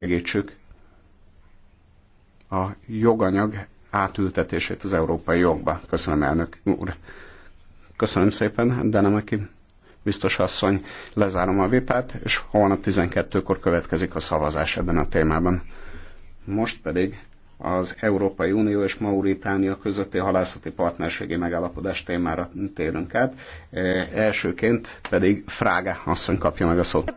segítsük a joganyag átültetését az európai jogba. Köszönöm, elnök úr. Köszönöm szépen, de nem aki biztos asszony. Lezárom a vitát, és holnap 12-kor következik a szavazás ebben a témában. Most pedig az Európai Unió és Mauritánia közötti halászati partnerségi megállapodás témára térünk át. E, elsőként pedig Frága asszony kapja meg a szót.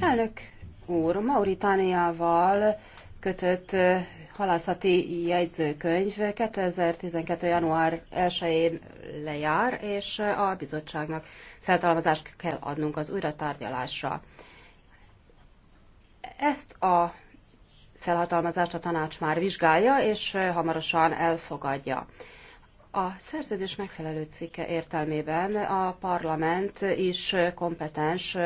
Elnök úr, Mauritániával kötött e, halászati jegyzőkönyv 2012. január 1-én lejár, és a bizottságnak feltalmazást kell adnunk az újratárgyalásra. Ezt a felhatalmazást a tanács már vizsgálja, és hamarosan elfogadja. A szerződés megfelelő cikke értelmében a parlament is kompetens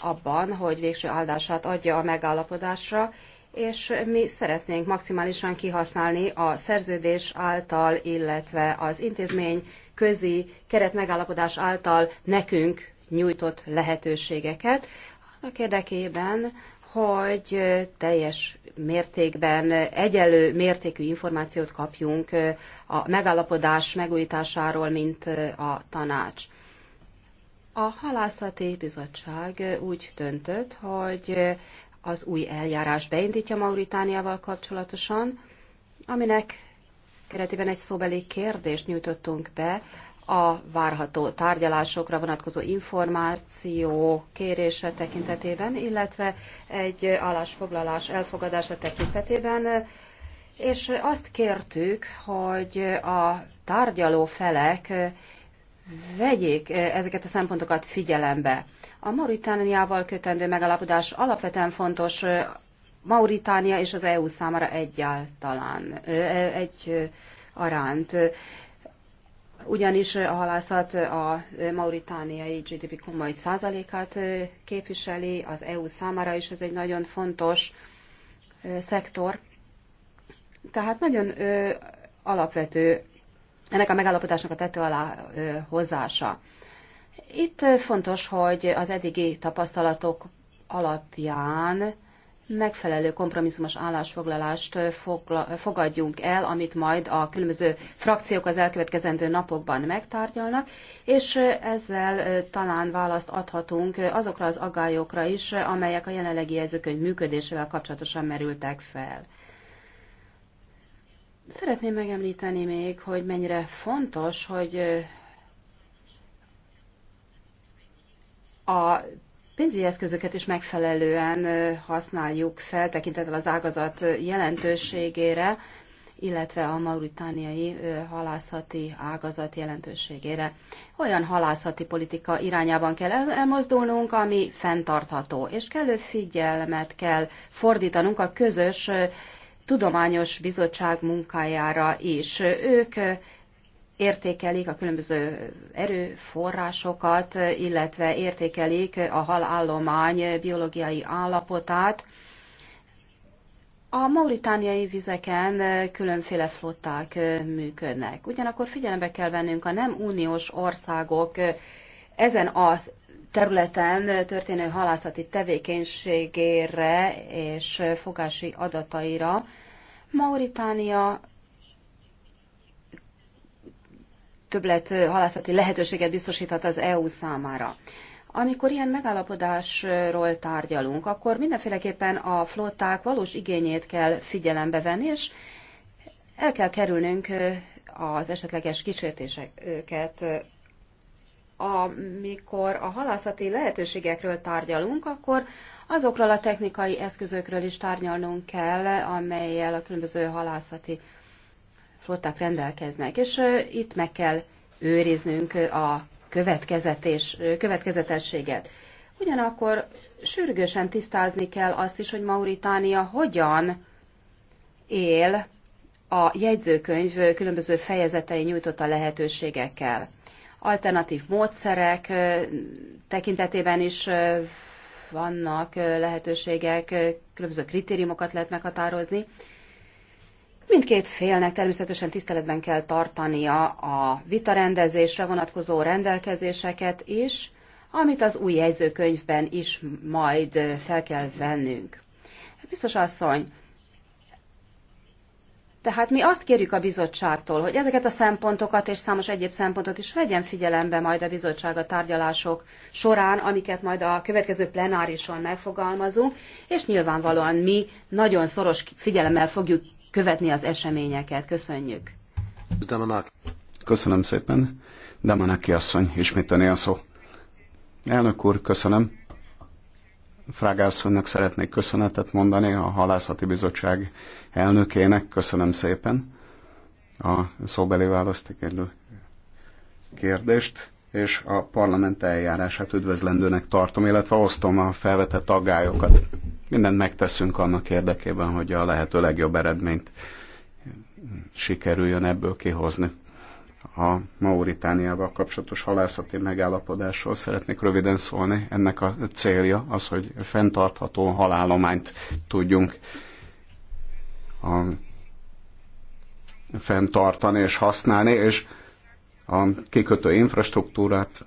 abban, hogy végső áldását adja a megállapodásra, és mi szeretnénk maximálisan kihasználni a szerződés által, illetve az intézmény közi keretmegállapodás által nekünk nyújtott lehetőségeket, annak érdekében, hogy teljes mértékben egyelő mértékű információt kapjunk a megállapodás megújításáról, mint a tanács. A halászati bizottság úgy döntött, hogy az új eljárás beindítja Mauritániával kapcsolatosan, aminek keretében egy szóbeli kérdést nyújtottunk be a várható tárgyalásokra vonatkozó információ kérése tekintetében, illetve egy állásfoglalás elfogadása tekintetében, és azt kértük, hogy a tárgyaló felek vegyék ezeket a szempontokat figyelembe. A Mauritániával kötendő megalapodás alapvetően fontos Mauritánia és az EU számára egyáltalán egy aránt ugyanis a halászat a mauritániai GDP komoly százalékát képviseli, az EU számára is ez egy nagyon fontos szektor. Tehát nagyon alapvető ennek a megállapodásnak a tető alá hozása. Itt fontos, hogy az eddigi tapasztalatok alapján megfelelő kompromisszumos állásfoglalást fogadjunk el, amit majd a különböző frakciók az elkövetkezendő napokban megtárgyalnak, és ezzel talán választ adhatunk azokra az agályokra is, amelyek a jelenlegi jelzőkönyv működésével kapcsolatosan merültek fel. Szeretném megemlíteni még, hogy mennyire fontos, hogy a pénzügyi eszközöket is megfelelően használjuk fel, tekintettel az ágazat jelentőségére, illetve a mauritániai halászati ágazat jelentőségére. Olyan halászati politika irányában kell elmozdulnunk, ami fenntartható, és kellő figyelmet kell fordítanunk a közös tudományos bizottság munkájára is. Ők értékelik a különböző erőforrásokat, illetve értékelik a halállomány biológiai állapotát. A mauritániai vizeken különféle flották működnek. Ugyanakkor figyelembe kell vennünk a nem uniós országok ezen a területen történő halászati tevékenységére és fogási adataira. Mauritánia többlet halászati lehetőséget biztosíthat az EU számára. Amikor ilyen megállapodásról tárgyalunk, akkor mindenféleképpen a flották valós igényét kell figyelembe venni, és el kell kerülnünk az esetleges kísértéseket. Amikor a halászati lehetőségekről tárgyalunk, akkor azokról a technikai eszközökről is tárgyalnunk kell, amelyel a különböző halászati flották rendelkeznek, és itt meg kell őriznünk a következetés, következetességet. Ugyanakkor sürgősen tisztázni kell azt is, hogy Mauritánia hogyan él a jegyzőkönyv különböző fejezetei nyújtotta lehetőségekkel. Alternatív módszerek tekintetében is vannak lehetőségek, különböző kritériumokat lehet meghatározni, Mindkét félnek természetesen tiszteletben kell tartania a vitarendezésre vonatkozó rendelkezéseket is, amit az új jegyzőkönyvben is majd fel kell vennünk. Biztos asszony, tehát mi azt kérjük a bizottságtól, hogy ezeket a szempontokat és számos egyéb szempontot is vegyen figyelembe majd a bizottság a tárgyalások során, amiket majd a következő plenárison megfogalmazunk, és nyilvánvalóan mi nagyon szoros figyelemmel fogjuk követni az eseményeket. Köszönjük. Köszönöm szépen. Demanaki asszony, ismét öné a szó. Elnök úr, köszönöm. Frágászonynak szeretnék köszönetet mondani, a Halászati Bizottság elnökének köszönöm szépen a szóbeli választékelő kérdést, és a parlament eljárását üdvözlendőnek tartom, illetve osztom a felvetett aggályokat mindent megteszünk annak érdekében, hogy a lehető legjobb eredményt sikerüljön ebből kihozni. A Mauritániával kapcsolatos halászati megállapodásról szeretnék röviden szólni. Ennek a célja az, hogy fenntartható halálományt tudjunk a fenntartani és használni, és a kikötő infrastruktúrát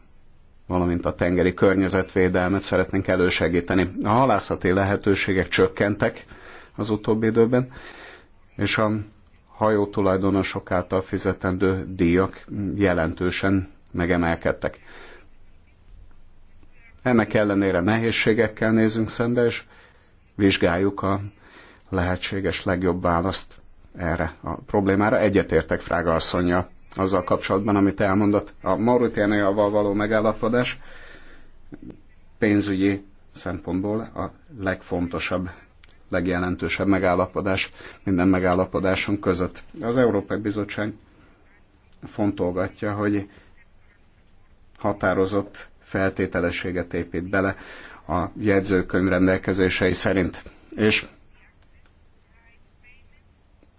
valamint a tengeri környezetvédelmet szeretnénk elősegíteni. A halászati lehetőségek csökkentek az utóbbi időben, és a hajó tulajdonosok által fizetendő díjak jelentősen megemelkedtek. Ennek ellenére nehézségekkel nézünk szembe, és vizsgáljuk a lehetséges legjobb választ erre a problémára. Egyetértek Frága asszonya azzal kapcsolatban, amit elmondott. A Mauritániával való megállapodás pénzügyi szempontból a legfontosabb, legjelentősebb megállapodás minden megállapodásunk között. Az Európai Bizottság fontolgatja, hogy határozott feltételességet épít bele a jegyzőkönyv rendelkezései szerint. És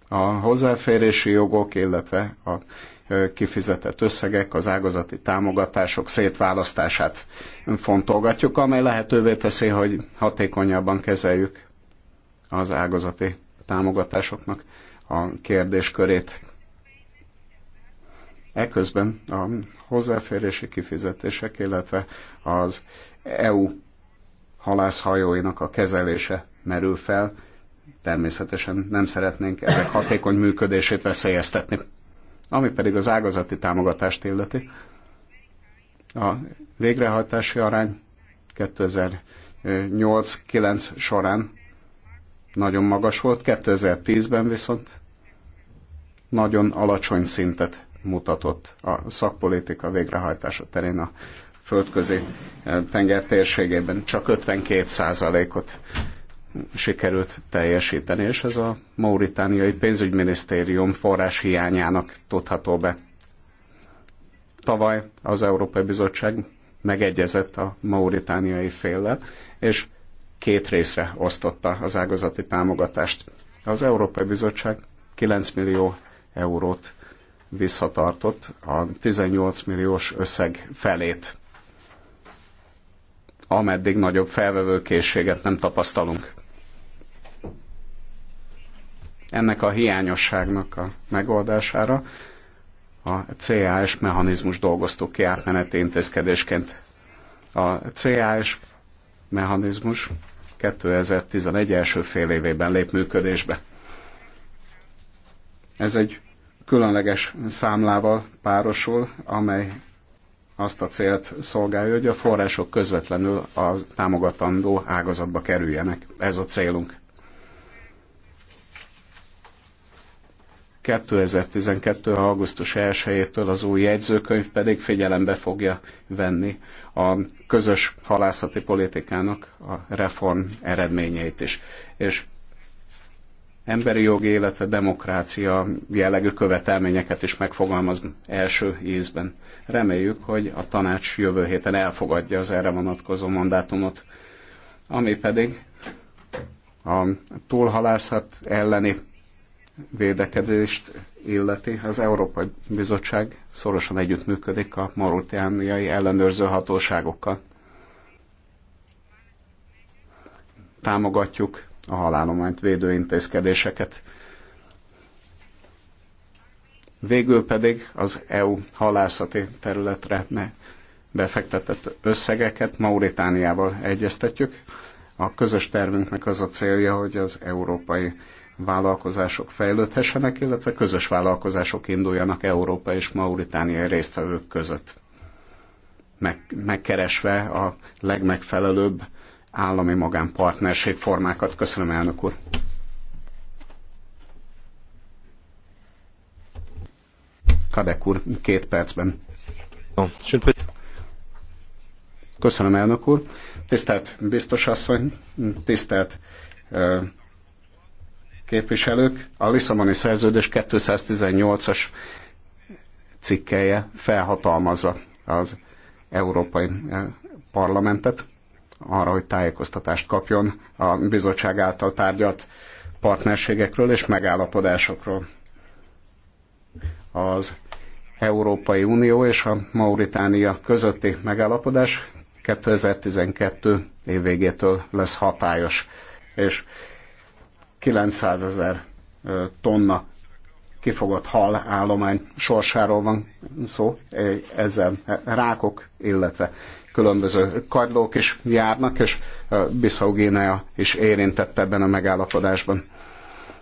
a hozzáférési jogok, illetve a kifizetett összegek, az ágazati támogatások szétválasztását fontolgatjuk, amely lehetővé teszi, hogy hatékonyabban kezeljük az ágazati támogatásoknak a kérdéskörét. Eközben a hozzáférési kifizetések, illetve az EU halászhajóinak a kezelése merül fel. Természetesen nem szeretnénk ezek hatékony működését veszélyeztetni. Ami pedig az ágazati támogatást illeti, a végrehajtási arány 2008-9 során nagyon magas volt, 2010-ben viszont nagyon alacsony szintet mutatott a szakpolitika végrehajtása terén a földközi tenger térségében. Csak 52 százalékot sikerült teljesíteni, és ez a mauritániai pénzügyminisztérium forrás hiányának tudható be. Tavaly az Európai Bizottság megegyezett a mauritániai féllel, és két részre osztotta az ágazati támogatást. Az Európai Bizottság 9 millió eurót visszatartott a 18 milliós összeg felét, ameddig nagyobb felvevőkészséget nem tapasztalunk ennek a hiányosságnak a megoldására a CAS mechanizmus dolgoztuk ki átmeneti intézkedésként. A CAS mechanizmus 2011 első fél évében lép működésbe. Ez egy különleges számlával párosul, amely azt a célt szolgálja, hogy a források közvetlenül a támogatandó ágazatba kerüljenek. Ez a célunk. 2012. augusztus 1-től az új jegyzőkönyv pedig figyelembe fogja venni a közös halászati politikának a reform eredményeit is. És emberi jogi, illetve demokrácia jellegű követelményeket is megfogalmaz első ízben. Reméljük, hogy a tanács jövő héten elfogadja az erre vonatkozó mandátumot, ami pedig a túlhalászat elleni védekezést illeti, az Európai Bizottság szorosan együttműködik a marutániai ellenőrző hatóságokkal. Támogatjuk a halálományt védő intézkedéseket. Végül pedig az EU halászati területre befektetett összegeket Mauritániával egyeztetjük. A közös tervünknek az a célja, hogy az európai vállalkozások fejlődhessenek, illetve közös vállalkozások induljanak Európa és Mauritánia résztvevők között, meg, megkeresve a legmegfelelőbb állami magánpartnerség formákat. Köszönöm, elnök úr! Kadek úr, két percben. Köszönöm, elnök úr. Tisztelt biztos asszony, tisztelt képviselők, a Lisszaboni szerződés 218-as cikkelje felhatalmazza az Európai eh, Parlamentet arra, hogy tájékoztatást kapjon a bizottság által tárgyalt partnerségekről és megállapodásokról. Az Európai Unió és a Mauritánia közötti megállapodás 2012 év végétől lesz hatályos, és 900 ezer tonna kifogott hal állomány sorsáról van szó, ezzel rákok, illetve különböző kagylók is járnak, és Bissau Guinea is érintett ebben a megállapodásban.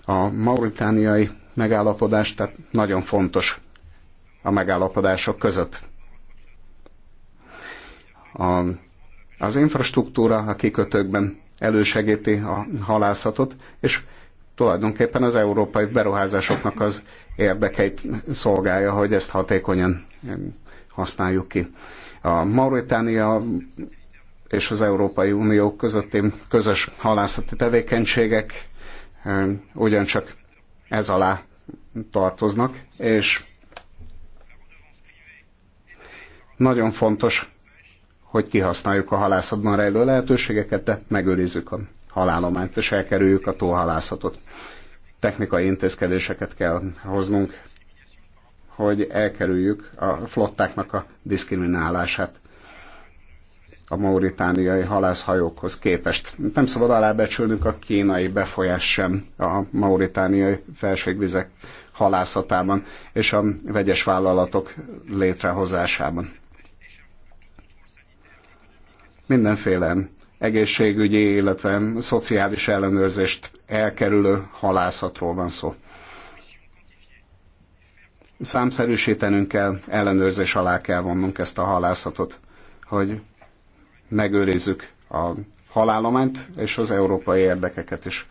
A mauritániai megállapodás, tehát nagyon fontos a megállapodások között. A, az infrastruktúra a kikötőkben elősegíti a halászatot, és tulajdonképpen az európai beruházásoknak az érdekeit szolgálja, hogy ezt hatékonyan eh, használjuk ki. A Mauritánia és az Európai Unió közötti közös halászati tevékenységek eh, ugyancsak ez alá tartoznak, és nagyon fontos hogy kihasználjuk a halászatban rejlő lehetőségeket, de megőrizzük a halálományt, és elkerüljük a tóhalászatot. Technikai intézkedéseket kell hoznunk, hogy elkerüljük a flottáknak a diszkriminálását a mauritániai halászhajókhoz képest. Nem szabad alábecsülnünk a kínai befolyás sem a mauritániai felségvizek halászatában és a vegyes vállalatok létrehozásában mindenféle egészségügyi, illetve szociális ellenőrzést elkerülő halászatról van szó. Számszerűsítenünk kell, ellenőrzés alá kell vonnunk ezt a halászatot, hogy megőrizzük a halálományt és az európai érdekeket is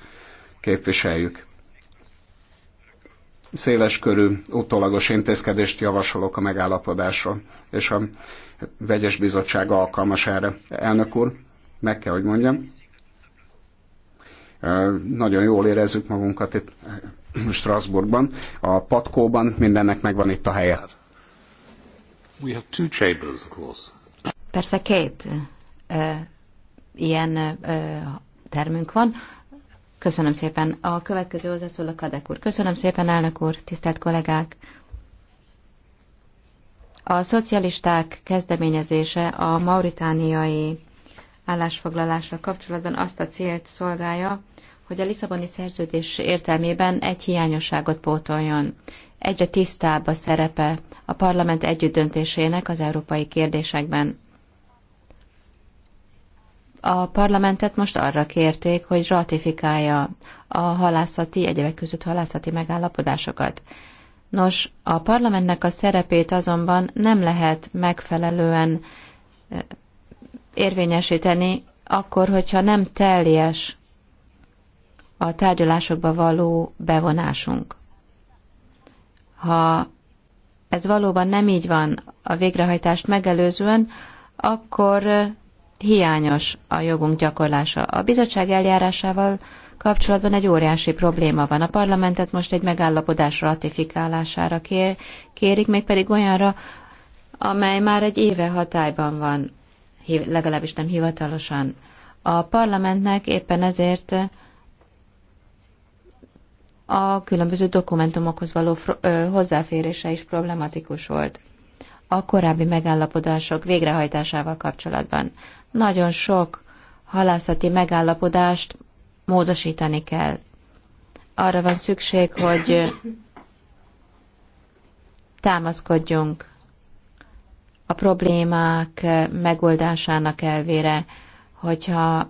képviseljük széleskörű utólagos intézkedést javasolok a megállapodásra, és a vegyes bizottság alkalmas erre. Elnök úr, meg kell, hogy mondjam, nagyon jól érezzük magunkat itt Strasbourgban. A patkóban mindennek megvan itt a helye. We have two chambers, of course. Persze két ilyen ö, termünk van. Köszönöm szépen. A következő hozzászól a Kadek úr. Köszönöm szépen, elnök úr, tisztelt kollégák. A szocialisták kezdeményezése a mauritániai állásfoglalással kapcsolatban azt a célt szolgálja, hogy a Lisszaboni szerződés értelmében egy hiányosságot pótoljon. Egyre tisztább a szerepe a parlament együttdöntésének az európai kérdésekben a parlamentet most arra kérték, hogy ratifikálja a halászati, egyebek között halászati megállapodásokat. Nos, a parlamentnek a szerepét azonban nem lehet megfelelően eh, érvényesíteni, akkor, hogyha nem teljes a tárgyalásokba való bevonásunk. Ha ez valóban nem így van a végrehajtást megelőzően, akkor eh, hiányos a jogunk gyakorlása. A bizottság eljárásával kapcsolatban egy óriási probléma van. A parlamentet most egy megállapodás ratifikálására kér, kérik, mégpedig olyanra, amely már egy éve hatályban van, legalábbis nem hivatalosan. A parlamentnek éppen ezért a különböző dokumentumokhoz való hozzáférése is problematikus volt a korábbi megállapodások végrehajtásával kapcsolatban. Nagyon sok halászati megállapodást módosítani kell. Arra van szükség, hogy támaszkodjunk a problémák megoldásának elvére, hogyha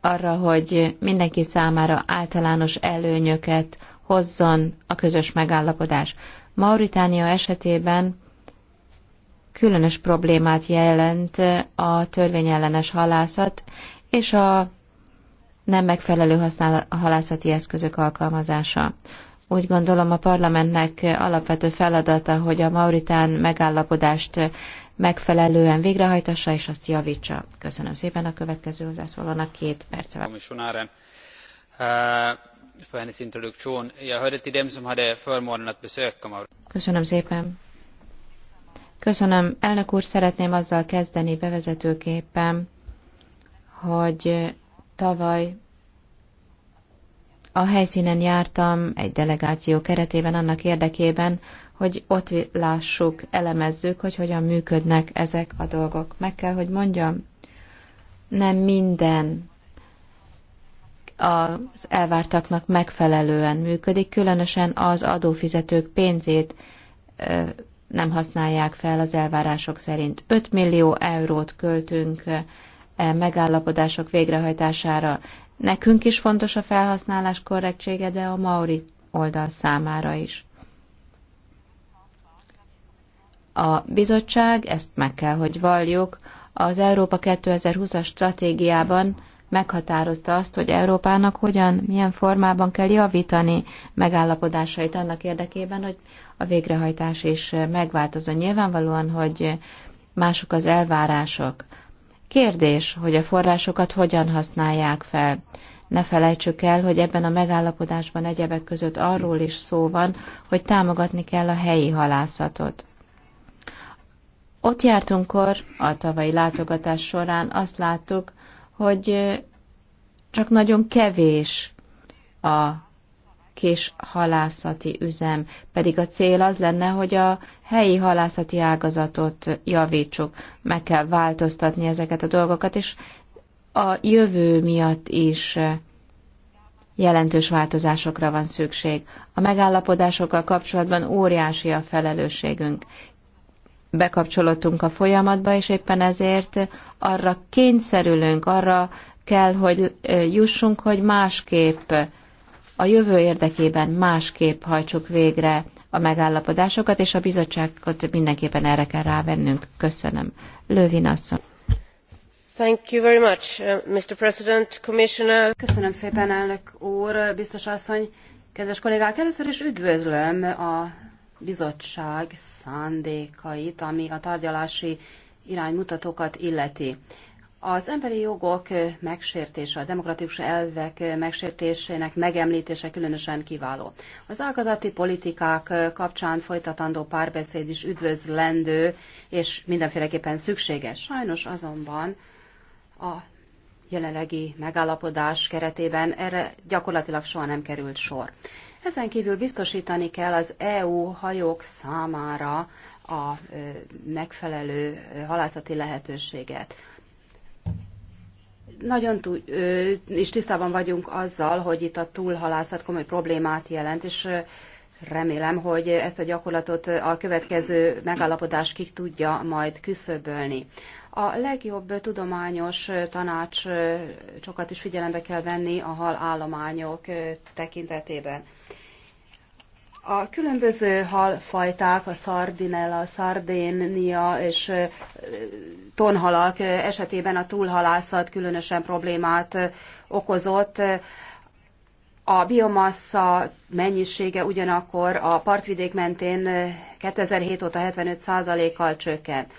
arra, hogy mindenki számára általános előnyöket hozzon a közös megállapodás. Mauritánia esetében különös problémát jelent a törvényellenes halászat és a nem megfelelő használ, halászati eszközök alkalmazása. Úgy gondolom a parlamentnek alapvető feladata, hogy a Mauritán megállapodást megfelelően végrehajtassa és azt javítsa. Köszönöm szépen a következő hozzászólónak két perce van. Eh, Köszönöm szépen. Köszönöm. Elnök úr, szeretném azzal kezdeni bevezetőképpen, hogy tavaly a helyszínen jártam egy delegáció keretében annak érdekében, hogy ott lássuk, elemezzük, hogy hogyan működnek ezek a dolgok. Meg kell, hogy mondjam, nem minden az elvártaknak megfelelően működik, különösen az adófizetők pénzét nem használják fel az elvárások szerint. 5 millió eurót költünk e, megállapodások végrehajtására. Nekünk is fontos a felhasználás korrektsége, de a Maori oldal számára is. A bizottság, ezt meg kell, hogy valljuk, az Európa 2020-as stratégiában meghatározta azt, hogy Európának hogyan, milyen formában kell javítani megállapodásait annak érdekében, hogy a végrehajtás is megváltozó. Nyilvánvalóan, hogy mások az elvárások. Kérdés, hogy a forrásokat hogyan használják fel. Ne felejtsük el, hogy ebben a megállapodásban egyebek között arról is szó van, hogy támogatni kell a helyi halászatot. Ott jártunkkor, a tavalyi látogatás során azt láttuk, hogy csak nagyon kevés a kis halászati üzem, pedig a cél az lenne, hogy a helyi halászati ágazatot javítsuk, meg kell változtatni ezeket a dolgokat, és a jövő miatt is jelentős változásokra van szükség. A megállapodásokkal kapcsolatban óriási a felelősségünk. Bekapcsolódtunk a folyamatba, és éppen ezért arra kényszerülünk, arra kell, hogy eh, jussunk, hogy másképp a jövő érdekében másképp hajtsuk végre a megállapodásokat, és a bizottságot mindenképpen erre kell rávennünk. Köszönöm. Lövin asszony. Thank you very much, uh, Mr. President, Commissioner. Köszönöm szépen, elnök úr, biztos asszony, kedves kollégák. Először is üdvözlöm a bizottság szándékait, ami a tárgyalási iránymutatókat illeti. Az emberi jogok megsértése, a demokratikus elvek megsértésének megemlítése különösen kiváló. Az ágazati politikák kapcsán folytatandó párbeszéd is üdvözlendő, és mindenféleképpen szükséges. Sajnos azonban a jelenlegi megállapodás keretében erre gyakorlatilag soha nem került sor. Ezen kívül biztosítani kell az EU hajók számára a megfelelő halászati lehetőséget nagyon is tisztában vagyunk azzal, hogy itt a túlhalászat komoly problémát jelent, és remélem, hogy ezt a gyakorlatot a következő megállapodás kik tudja majd küszöbölni. A legjobb tudományos tanács, sokat is figyelembe kell venni a hal állományok tekintetében. A különböző halfajták, a szardinella, szardénia és tonhalak esetében a túlhalászat különösen problémát okozott. A biomassa mennyisége ugyanakkor a partvidék mentén 2007 óta 75%-kal csökkent.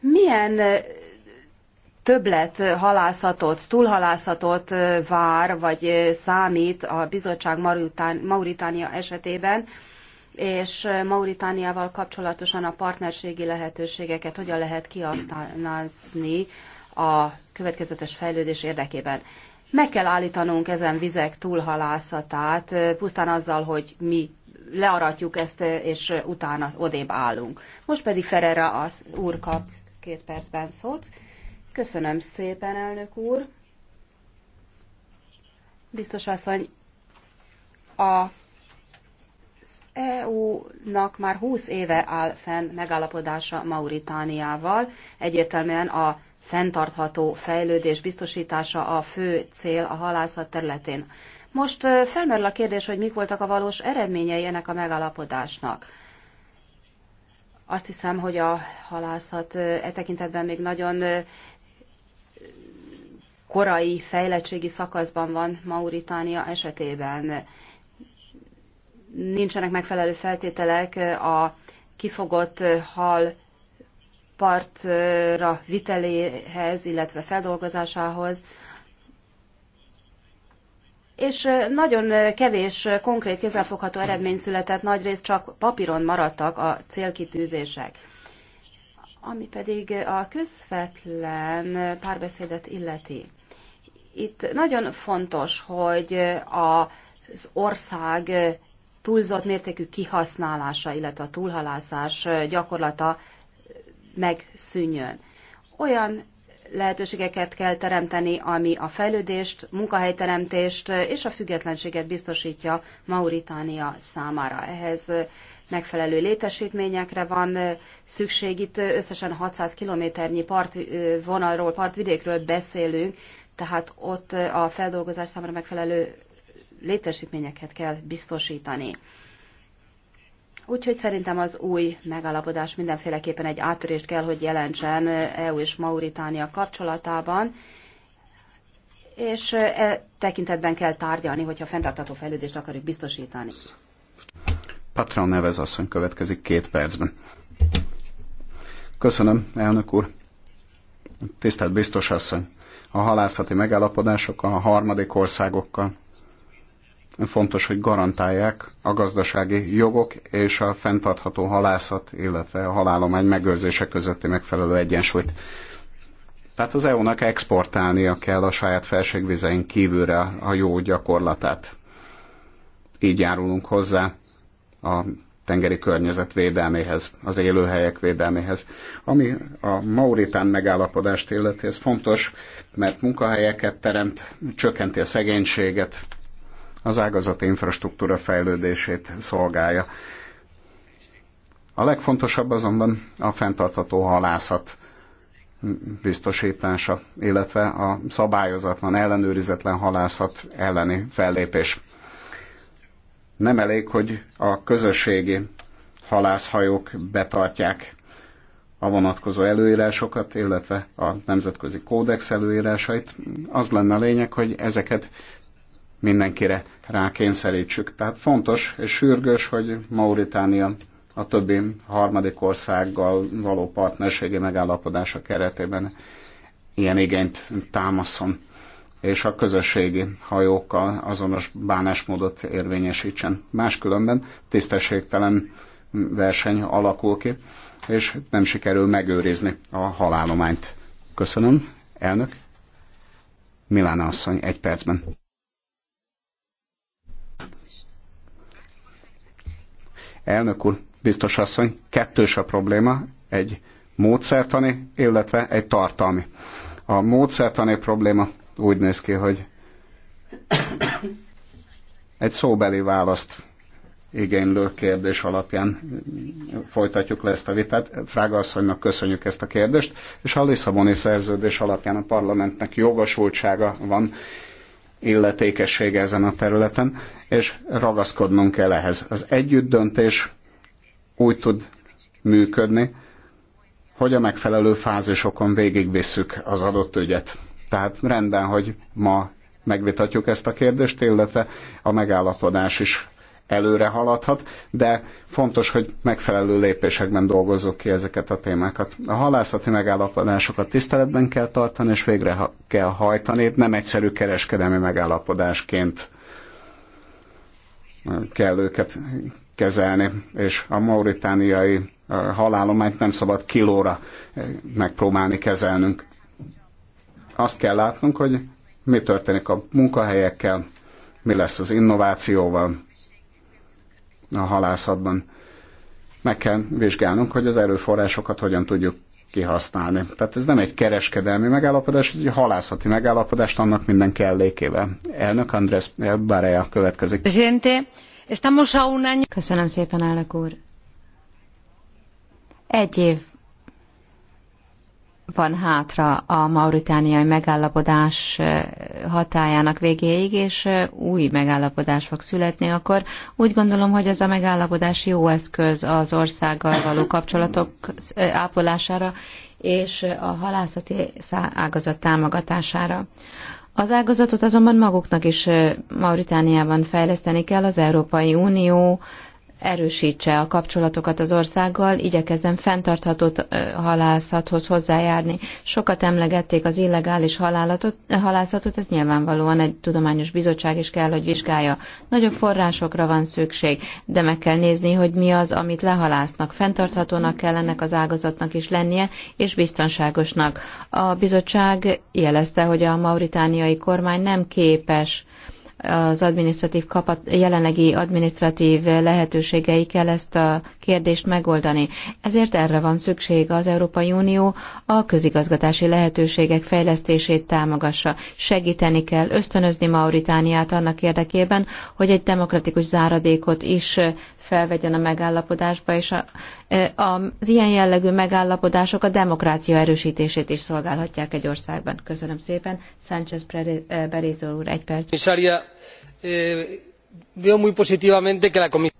Milyen többlet halászatot, túlhalászatot vár, vagy számít a bizottság Mauritánia esetében, és Mauritániával kapcsolatosan a partnerségi lehetőségeket hogyan lehet kiaknázni a következetes fejlődés érdekében. Meg kell állítanunk ezen vizek túlhalászatát, pusztán azzal, hogy mi learatjuk ezt, és utána odébb állunk. Most pedig Ferreira az úr kap két percben szót. Köszönöm szépen, elnök úr. Biztos asszony, a EU-nak már 20 éve áll fenn megállapodása Mauritániával. Egyértelműen a fenntartható fejlődés biztosítása a fő cél a halászat területén. Most felmerül a kérdés, hogy mik voltak a valós eredményei ennek a megállapodásnak. Azt hiszem, hogy a halászat e tekintetben még nagyon korai fejlettségi szakaszban van Mauritánia esetében. Nincsenek megfelelő feltételek a kifogott hal partra viteléhez, illetve feldolgozásához. És nagyon kevés konkrét kézzelfogható eredmény született, nagyrészt csak papíron maradtak a célkitűzések. Ami pedig a közvetlen párbeszédet illeti. Itt nagyon fontos, hogy az ország túlzott mértékű kihasználása, illetve a túlhalászás gyakorlata megszűnjön. Olyan lehetőségeket kell teremteni, ami a fejlődést, munkahelyteremtést és a függetlenséget biztosítja Mauritánia számára. Ehhez megfelelő létesítményekre van szükség. Itt összesen 600 kilométernyi partvonalról, partvidékről beszélünk, tehát ott a feldolgozás számára megfelelő létesítményeket kell biztosítani. Úgyhogy szerintem az új megállapodás mindenféleképpen egy áttörést kell, hogy jelentsen EU és Mauritánia kapcsolatában, és e tekintetben kell tárgyalni, hogyha fenntartató fejlődést akarjuk biztosítani. Patron nevez asszony következik két percben. Köszönöm, elnök úr. Tisztelt biztos asszony a halászati megállapodásokkal, a harmadik országokkal. Fontos, hogy garantálják a gazdasági jogok és a fenntartható halászat, illetve a halálomány megőrzése közötti megfelelő egyensúlyt. Tehát az EU-nak exportálnia kell a saját felségvizein kívülre a jó gyakorlatát. Így járulunk hozzá a tengeri környezet védelméhez, az élőhelyek védelméhez. Ami a Mauritán megállapodást illeti, ez fontos, mert munkahelyeket teremt, csökkenti a szegénységet, az ágazati infrastruktúra fejlődését szolgálja. A legfontosabb azonban a fenntartható halászat biztosítása, illetve a szabályozatlan, ellenőrizetlen halászat elleni fellépés. Nem elég, hogy a közösségi halászhajók betartják a vonatkozó előírásokat, illetve a nemzetközi kódex előírásait. Az lenne a lényeg, hogy ezeket mindenkire rákényszerítsük. Tehát fontos és sürgős, hogy Mauritánia a többi harmadik országgal való partnerségi megállapodása keretében ilyen igényt támaszon és a közösségi hajókkal azonos bánásmódot érvényesítsen. Máskülönben tisztességtelen verseny alakul ki, és nem sikerül megőrizni a halálományt. Köszönöm, elnök. Milána asszony, egy percben. Elnök úr, biztos asszony, kettős a probléma, egy módszertani, illetve egy tartalmi. A módszertani probléma úgy néz ki, hogy egy szóbeli választ igénylő kérdés alapján folytatjuk le ezt a vitát. Frága asszonynak köszönjük ezt a kérdést, és a Lisszaboni szerződés alapján a parlamentnek jogosultsága van illetékessége ezen a területen, és ragaszkodnunk kell ehhez. Az együttdöntés úgy tud működni, hogy a megfelelő fázisokon végigvisszük az adott ügyet. Tehát rendben, hogy ma megvitatjuk ezt a kérdést, illetve a megállapodás is előre haladhat, de fontos, hogy megfelelő lépésekben dolgozzuk ki ezeket a témákat. A halászati megállapodásokat tiszteletben kell tartani, és végre kell hajtani, nem egyszerű kereskedelmi megállapodásként kell őket kezelni, és a mauritániai eh, halálományt nem szabad kilóra eh, megpróbálni kezelnünk azt kell látnunk, hogy mi történik a munkahelyekkel, mi lesz az innovációval a halászatban. Meg kell vizsgálnunk, hogy az erőforrásokat hogyan tudjuk kihasználni. Tehát ez nem egy kereskedelmi megállapodás, ez egy halászati megállapodás annak minden kellékével. Elnök Andrés Báreja következik. Presidente, estamos a un año... Köszönöm szépen, elnök úr. Egy év van hátra a mauritániai megállapodás hatájának végéig, és új megállapodás fog születni, akkor úgy gondolom, hogy ez a megállapodás jó eszköz az országgal való kapcsolatok ápolására és a halászati ágazat támogatására. Az ágazatot azonban maguknak is Mauritániában fejleszteni kell, az Európai Unió erősítse a kapcsolatokat az országgal, igyekezzen fenntartható halászathoz hozzájárni. Sokat emlegették az illegális halálatot, halászatot, ez nyilvánvalóan egy tudományos bizottság is kell, hogy vizsgálja. Nagyobb forrásokra van szükség, de meg kell nézni, hogy mi az, amit lehalásznak. Fenntarthatónak kell ennek az ágazatnak is lennie, és biztonságosnak. A bizottság jelezte, hogy a mauritániai kormány nem képes az adminisztratív kapat, jelenlegi adminisztratív lehetőségeikkel ezt a kérdést megoldani. Ezért erre van szükség az Európai Unió a közigazgatási lehetőségek fejlesztését támogassa. Segíteni kell ösztönözni Mauritániát annak érdekében, hogy egy demokratikus záradékot is felvegyen a megállapodásba, és a, az ilyen jellegű megállapodások a demokrácia erősítését is szolgálhatják egy országban. Köszönöm szépen. Sánchez Berézor úr, egy perc. Eh,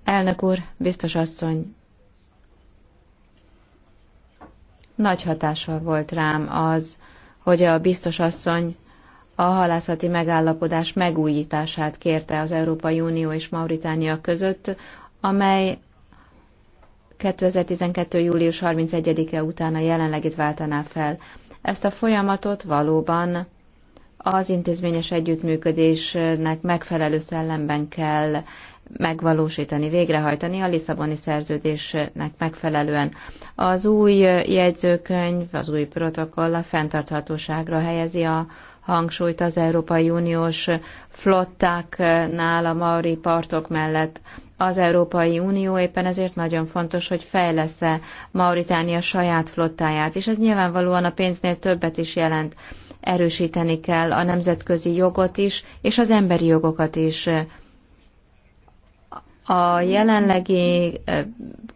Elnök úr, biztos asszony, nagy hatással volt rám az, hogy a biztos asszony a halászati megállapodás megújítását kérte az Európai Unió és Mauritánia között, amely 2012. július 31-e után a jelenlegit váltaná fel. Ezt a folyamatot valóban az intézményes együttműködésnek megfelelő szellemben kell megvalósítani, végrehajtani a Lisszaboni szerződésnek megfelelően. Az új jegyzőkönyv, az új protokoll a fenntarthatóságra helyezi a hangsúlyt az Európai Uniós flottáknál a Maori partok mellett. Az Európai Unió éppen ezért nagyon fontos, hogy fejlesz-e Mauritánia saját flottáját, és ez nyilvánvalóan a pénznél többet is jelent. Erősíteni kell a nemzetközi jogot is, és az emberi jogokat is. A jelenlegi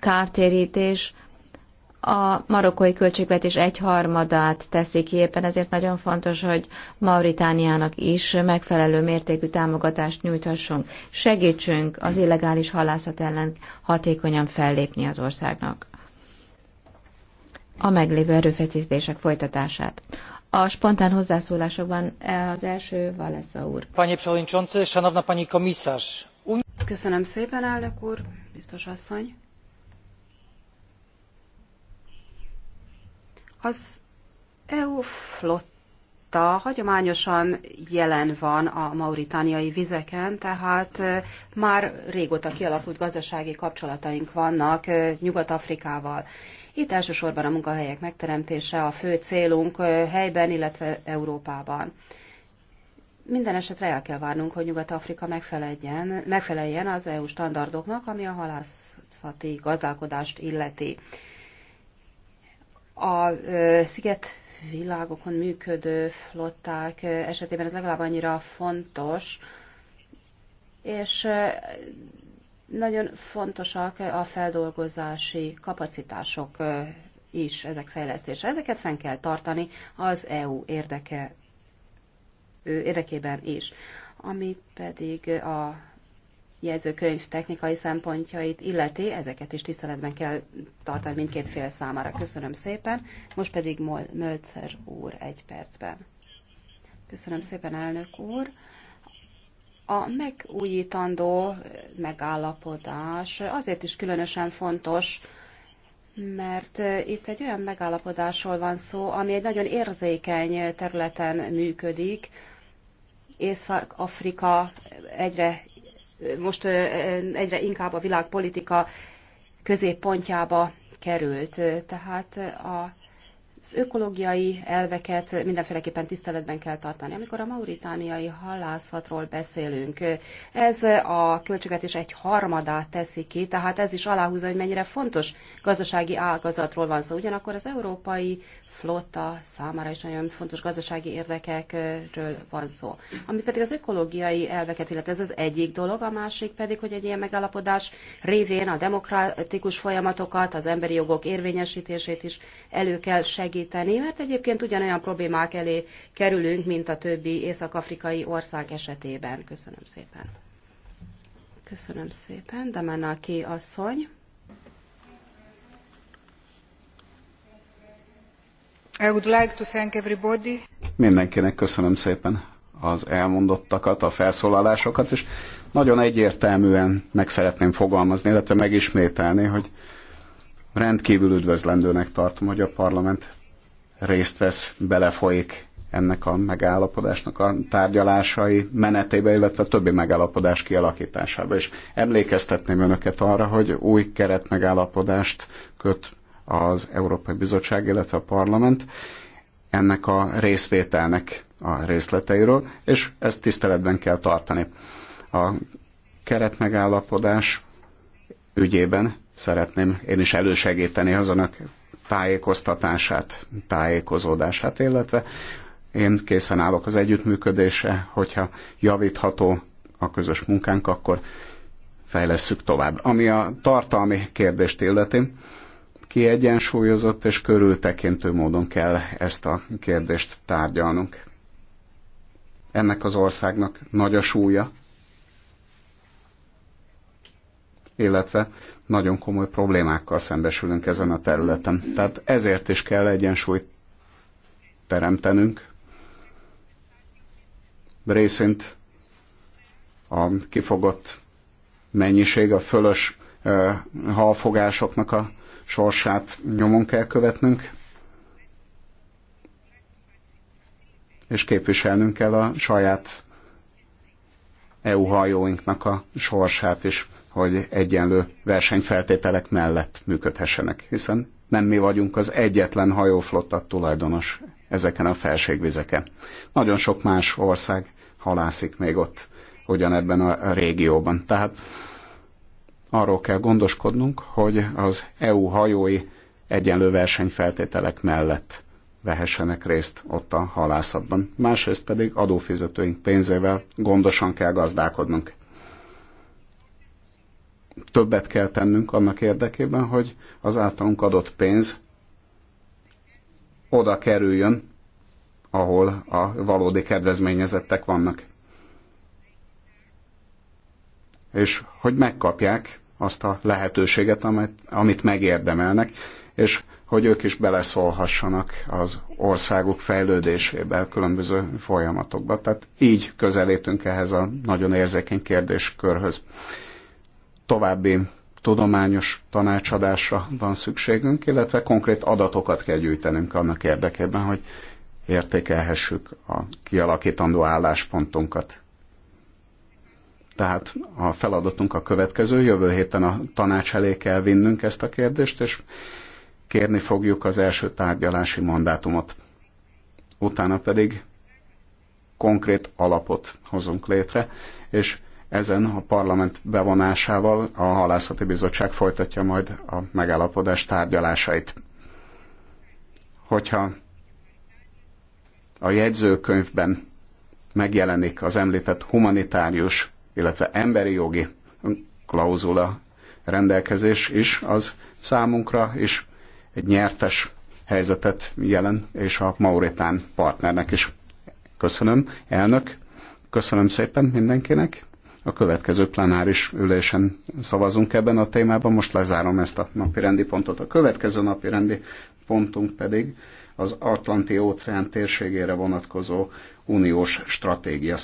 kártérítés a marokkói költségvetés egyharmadát teszi ki, éppen ezért nagyon fontos, hogy Mauritániának is megfelelő mértékű támogatást nyújthassunk. Segítsünk az illegális halászat ellen hatékonyan fellépni az országnak a meglévő erőfeszítések folytatását. A spontán hozzászólásokban az első Valesza úr. Panie przewodniczący, szanowna pani komisarz. Köszönöm szépen, elnök úr, biztos asszony. Az EU flotta hagyományosan jelen van a mauritániai vizeken, tehát már régóta kialakult gazdasági kapcsolataink vannak Nyugat-Afrikával. Itt elsősorban a munkahelyek megteremtése a fő célunk helyben, illetve Európában. Minden esetre el kell várnunk, hogy Nyugat-Afrika megfeleljen, megfeleljen az EU standardoknak, ami a halászati gazdálkodást illeti a sziget világokon működő flották esetében ez legalább annyira fontos, és nagyon fontosak a feldolgozási kapacitások is ezek fejlesztése. Ezeket fenn kell tartani az EU érdeke, érdekében is. Ami pedig a jegyzőkönyv technikai szempontjait illeti, ezeket is tiszteletben kell tartani mindkét fél számára. Köszönöm szépen. Most pedig Mölcer úr egy percben. Köszönöm szépen, elnök úr. A megújítandó megállapodás azért is különösen fontos, mert itt egy olyan megállapodásról van szó, ami egy nagyon érzékeny területen működik. Észak-Afrika egyre most egyre inkább a világpolitika középpontjába került. Tehát a az ökológiai elveket mindenféleképpen tiszteletben kell tartani. Amikor a mauritániai halászatról beszélünk, ez a költségvetés egy harmadát teszi ki, tehát ez is aláhúzza, hogy mennyire fontos gazdasági ágazatról van szó. Ugyanakkor az Európai flotta számára is nagyon fontos gazdasági érdekekről van szó. Ami pedig az ökológiai elveket illet, ez az egyik dolog, a másik pedig, hogy egy ilyen megállapodás révén a demokratikus folyamatokat, az emberi jogok érvényesítését is elő kell segíteni, mert egyébként ugyanolyan problémák elé kerülünk, mint a többi észak-afrikai ország esetében. Köszönöm szépen. Köszönöm szépen, Demenna Ki asszony. Like Mindenkinek köszönöm szépen az elmondottakat, a felszólalásokat, és nagyon egyértelműen meg szeretném fogalmazni, illetve megismételni, hogy rendkívül üdvözlendőnek tartom, hogy a parlament részt vesz, belefolyik ennek a megállapodásnak a tárgyalásai menetébe, illetve a többi megállapodás kialakításába. És emlékeztetném önöket arra, hogy új keretmegállapodást köt az Európai Bizottság, illetve a Parlament ennek a részvételnek a részleteiről, és ezt tiszteletben kell tartani. A keretmegállapodás ügyében szeretném én is elősegíteni önök tájékoztatását, tájékozódását, illetve én készen állok az együttműködésre, hogyha javítható a közös munkánk, akkor fejlesszük tovább. Ami a tartalmi kérdést illeti, kiegyensúlyozott és körültekintő módon kell ezt a kérdést tárgyalnunk. Ennek az országnak nagy a súlya, illetve nagyon komoly problémákkal szembesülünk ezen a területen. Tehát ezért is kell egyensúlyt teremtenünk. Részint a kifogott mennyiség, a fölös halfogásoknak a sorsát nyomon kell követnünk, és képviselnünk kell a saját EU hajóinknak a sorsát is, hogy egyenlő versenyfeltételek mellett működhessenek, hiszen nem mi vagyunk az egyetlen hajóflotta tulajdonos ezeken a felségvizeken. Nagyon sok más ország halászik még ott, ugyanebben a régióban. Tehát arról kell gondoskodnunk, hogy az EU hajói egyenlő versenyfeltételek mellett vehessenek részt ott a halászatban. Másrészt pedig adófizetőink pénzével gondosan kell gazdálkodnunk. Többet kell tennünk annak érdekében, hogy az általunk adott pénz oda kerüljön, ahol a valódi kedvezményezettek vannak. És hogy megkapják azt a lehetőséget, amit, amit megérdemelnek, és hogy ők is beleszólhassanak az országuk fejlődésébe, különböző folyamatokba. Tehát így közelítünk ehhez a nagyon érzékeny kérdéskörhöz. További tudományos tanácsadásra van szükségünk, illetve konkrét adatokat kell gyűjtenünk annak érdekében, hogy értékelhessük a kialakítandó álláspontunkat. Tehát a feladatunk a következő, jövő héten a tanács elé kell vinnünk ezt a kérdést, és kérni fogjuk az első tárgyalási mandátumot. Utána pedig konkrét alapot hozunk létre, és ezen a parlament bevonásával a halászati bizottság folytatja majd a megállapodás tárgyalásait. Hogyha a jegyzőkönyvben megjelenik az említett humanitárius illetve emberi jogi klauzula rendelkezés is az számunkra is egy nyertes helyzetet jelen, és a Mauritán partnernek is. Köszönöm, elnök, köszönöm szépen mindenkinek. A következő plenáris ülésen szavazunk ebben a témában. Most lezárom ezt a napi rendi pontot. A következő napi rendi pontunk pedig az Atlanti óceán térségére vonatkozó uniós stratégia